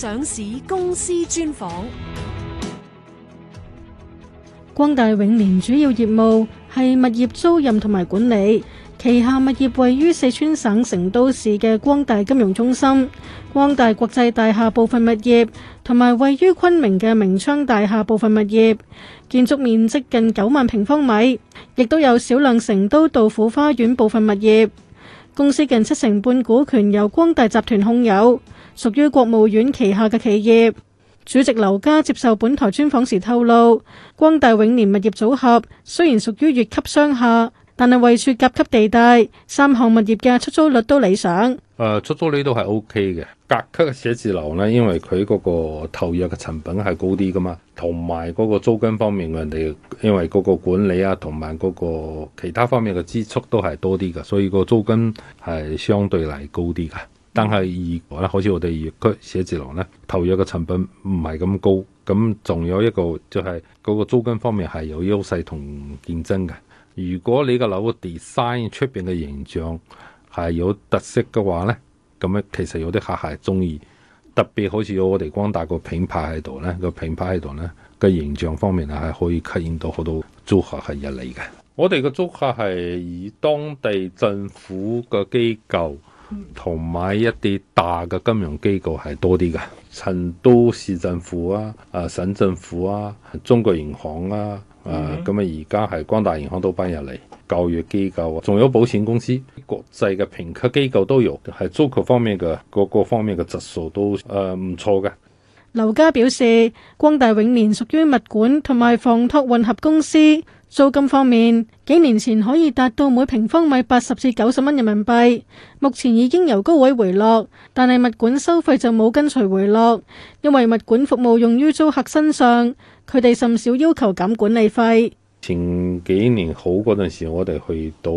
上市公司專訪。光大永年主要業務係物業租賃同埋管理，旗下物業位於四川省成都市嘅光大金融中心、光大國際大廈部分物業，同埋位於昆明嘅明昌大廈部分物業，建築面積近九萬平方米，亦都有少量成都杜甫花園部分物業。公司近七成半股權由光大集團控有。屬於國務院旗下嘅企業，主席劉嘉接受本台專訪時透露，光大永年物業組合雖然屬於越級商廈，但係位處甲級地帶，三項物業嘅出租率都理想。誒、啊，出租率都係 O K 嘅。甲級嘅寫字樓呢，因為佢嗰個投入嘅成本係高啲噶嘛，同埋嗰個租金方面，人哋因為嗰個管理啊，同埋嗰個其他方面嘅支出都係多啲嘅，所以個租金係相對嚟高啲噶。但係而家咧，好似我哋越區寫字樓咧，投入嘅成本唔係咁高，咁仲有一個就係嗰個租金方面係有優勢同競爭嘅。如果你個樓嘅 design 出邊嘅形象係有特色嘅話咧，咁咧其實有啲客係中意，特別好似我哋光大個品牌喺度咧，個品牌喺度咧嘅形象方面係可以吸引到好多租客係入嚟嘅。我哋嘅租客係以當地政府嘅機構。同埋一啲大嘅金融機構係多啲嘅，成都市政府啊、啊省政府啊、中國銀行啊、啊咁啊而家係光大銀行都搬入嚟，教育機構啊，仲有保險公司、國際嘅評級機構都有，係租客方面嘅各個方面嘅質素都誒唔錯嘅。劉、呃、嘉表示，光大永年屬於物管同埋房託混合公司。租金方面，幾年前可以達到每平方米八十至九十蚊人民幣，目前已經由高位回落，但係物管收費就冇跟隨回落，因為物管服務用於租客身上，佢哋甚少要求減管理費。前幾年好嗰陣時，我哋去到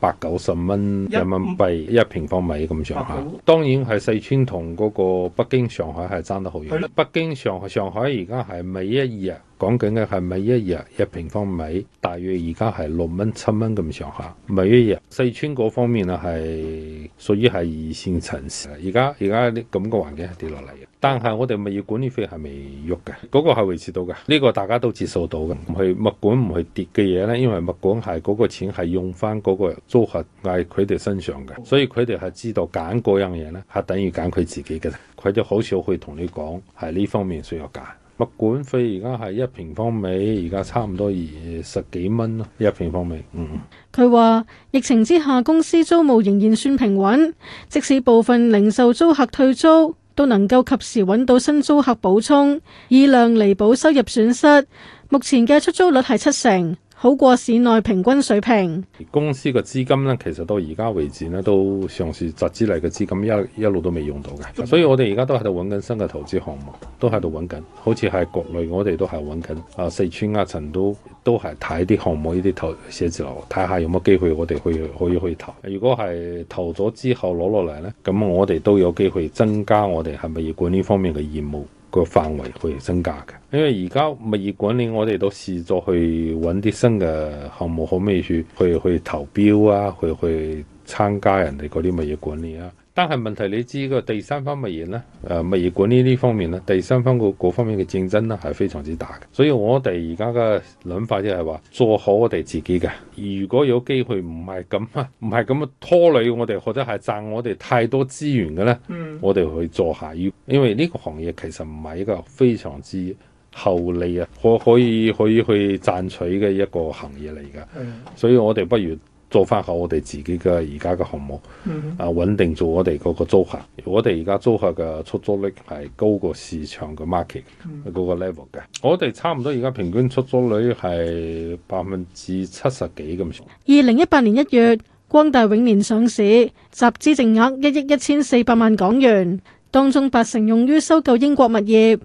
八九十蚊人民幣一平方米咁上下。當然係四川同嗰個北京、上海係爭得好遠。北京、上海、上海而家係每一日，講緊嘅係每一日一平方米，大約而家係六蚊、七蚊咁上下。每一日，四川嗰方面啊係屬於係二線城市。而家而家啲咁個環境係跌落嚟。但係我哋物業管理費係未喐嘅，嗰個係維持到嘅，呢個大家都接受到嘅，唔係物管唔係跌嘅嘢呢？因為物管係嗰個錢係用翻嗰個租客嗌佢哋身上嘅，所以佢哋係知道揀嗰樣嘢呢，係等於揀佢自己嘅，佢就好少去同你講係呢方面需要揀物管費，而家係一平方米而家差唔多二十幾蚊咯，一平方米。嗯，佢話疫情之下公司租務仍然算平穩，即使部分零售租客退租。都能夠及時揾到新租客補充，以量彌補收入損失。目前嘅出租率係七成。好過市內平均水平。公司嘅資金咧，其實到而家為止咧，都上市集資嚟嘅資金一一路都未用到嘅。所以我哋而家都喺度揾緊新嘅投資項目，都喺度揾緊。好似係國內，我哋都係揾緊。啊，四川啊、成都都係睇啲項目呢啲投寫字樓，睇下有冇機會我哋去可以去投。如果係投咗之後攞落嚟咧，咁我哋都有機會增加我哋係咪要管呢方面嘅業務。個範圍去增加嘅。因為而家物業管理我哋都試咗去揾啲新嘅項目，可唔可以去去去投標啊，去去參加人哋嗰啲物業管理啊。但係，問題你知個第三方物業咧，誒，物業管理呢方面咧，第三方個方面嘅競爭咧係非常之大嘅，所以我哋而家嘅諗法就係話做好我哋自己嘅，如果有機會唔係咁啊，唔係咁樣拖累我哋或者係賺我哋太多資源嘅咧，嗯、我哋去做下，要因為呢個行業其實唔係一個非常之厚利啊，可以可以可以去賺取嘅一個行業嚟㗎，嗯、所以我哋不如。做翻好我哋自己嘅而家嘅項目，啊穩定，做我哋嗰個租客。我哋而家租客嘅出租率係高過市場嘅 market 嗰、嗯、個 level 嘅。我哋差唔多而家平均出租率係百分之七十幾咁少。二零一八年一月，光大永年上市，集資淨額一億一千四百萬港元，當中八成用於收購英國物業。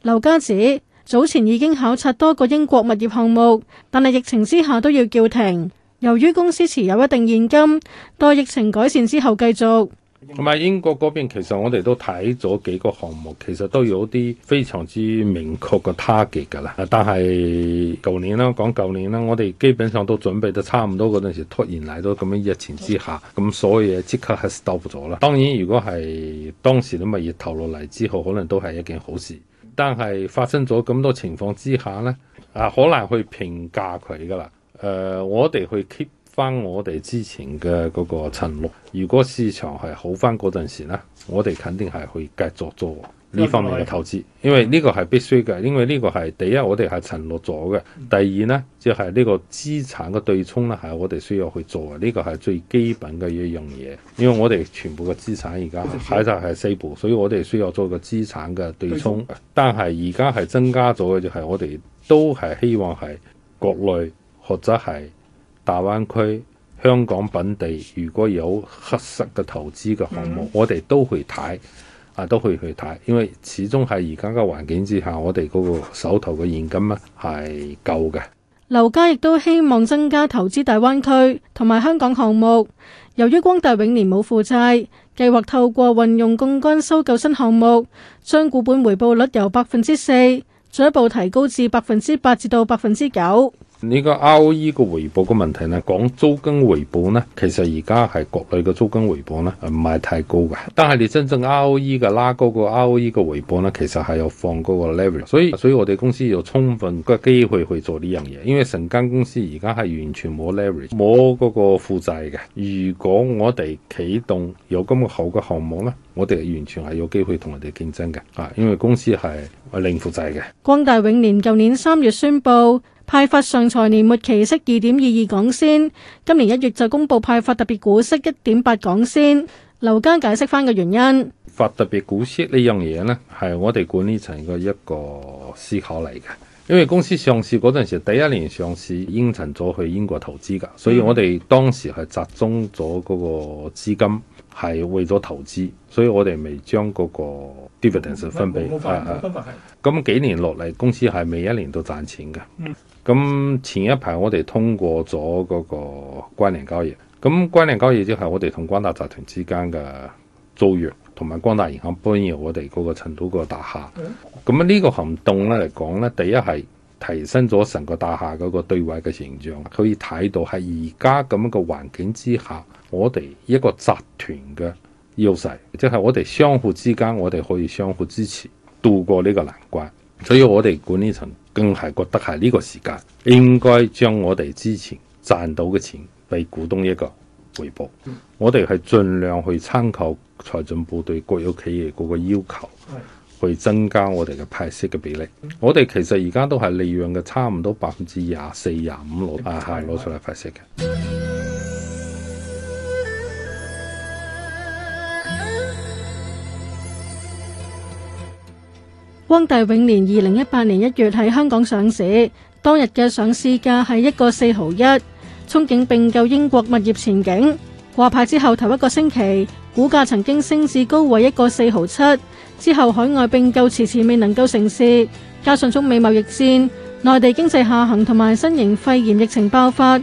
劉嘉指早前已經考察多個英國物業項目，但係疫情之下都要叫停。由於公司持有一定現金，待疫情改善之後繼續。同埋英國嗰邊，其實我哋都睇咗幾個項目，其實都有啲非常之明確嘅 target 㗎喇。但係舊年啦，講舊年啦，我哋基本上都準備得差唔多嗰陣時，突然嚟到咁樣疫情之下，咁所以即刻係 stop 咗喇。當然，如果係當時啲物業投落嚟之後，可能都係一件好事。但係發生咗咁多情況之下呢，啊，好難去評價佢㗎喇。誒、呃，我哋去 keep 翻我哋之前嘅嗰個承諾，如果市場係好翻嗰陣時咧，我哋肯定係去繼續做呢方面嘅投資，因為呢個係必須嘅。因為呢個係第一，我哋係承諾咗嘅；第二咧，就係、是、呢個資產嘅對沖啦，係我哋需要去做嘅。呢個係最基本嘅一樣嘢，因為我哋全部嘅資產而家喺晒，係西部，所以我哋需要做個資產嘅對沖。對衝但係而家係增加咗嘅就係、是、我哋都係希望係國內。或者係大灣區、香港本地，如果有合適嘅投資嘅項目，我哋都會睇啊，都可以去睇。因為始終喺而家嘅環境之下，我哋嗰個手頭嘅現金咧係夠嘅。劉嘉亦都希望增加投資大灣區同埋香港項目。由於光大永年冇負債，計劃透過運用槓杆收購新項目，將股本回報率由百分之四進一步提高至百分之八至到百分之九。呢個 ROE 個回報個問題呢，講租金回報呢，其實而家係國內嘅租金回報呢，唔係太高嘅。但係你真正 ROE 嘅拉高個 ROE 嘅回報呢，其實係有放嗰個 leverage。所以，所以我哋公司有充分嘅機會去做呢樣嘢，因為成間公司而家係完全冇 leverage，冇嗰個負債嘅。如果我哋啟動有咁嘅好嘅項目呢，我哋係完全係有機會同人哋競爭嘅。啊，因為公司係零負債嘅。光大永年舊年三月宣布，派發上財年末期息二點二二港仙，今年一月就公布派發特別股息一點八港仙。劉嘉解釋翻個原因，發特別股息呢樣嘢呢，係我哋管理層嘅一個思考嚟嘅。因為公司上市嗰陣時，第一年上市，應承咗去英國投資噶，所以我哋當時係集中咗嗰個資金，係為咗投資，所以我哋未將嗰個 dividends 分畀。咁、啊、幾年落嚟，公司係每一年都賺錢嘅。嗯咁前一排我哋通過咗嗰個關聯交易，咁關聯交易即係我哋同光大集團之間嘅租約，同埋光大銀行搬移我哋嗰個成都個大廈。咁呢個行動咧嚟講咧，第一係提升咗成個大廈嗰個對外嘅形象，可以睇到喺而家咁樣嘅環境之下，我哋一個集團嘅優勢，即係我哋相互之間我哋可以相互支持度過呢個難關，所以我哋管理層，淨係覺得係呢個時間應該將我哋之前賺到嘅錢俾股東一個回報。我哋係盡量去參考財政部對國有企業嗰個要求，去增加我哋嘅派息嘅比例。我哋其實而家都係利潤嘅差唔多百分之廿四廿五攞啊，係攞出嚟派息嘅。光大永年二零一八年一月喺香港上市，當日嘅上市價係一個四毫一，憧憬併購英國物業前景。掛牌之後頭一個星期，股價曾經升至高位一個四毫七，之後海外併購遲遲未能夠成事，加上中美貿易戰、內地經濟下行同埋新型肺炎疫情爆發。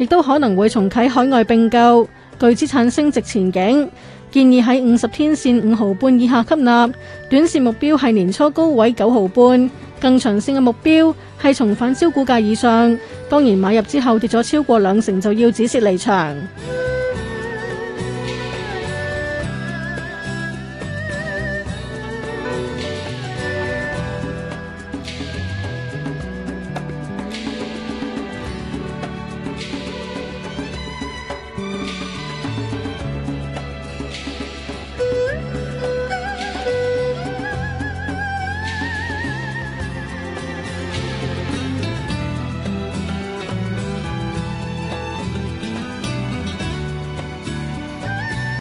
亦都可能會重啟海外並購，具資產升值前景，建議喺五十天線五毫半以下吸納，短線目標係年初高位九毫半，更長線嘅目標係重返招股價以上。當然買入之後跌咗超過兩成就要止蝕離場。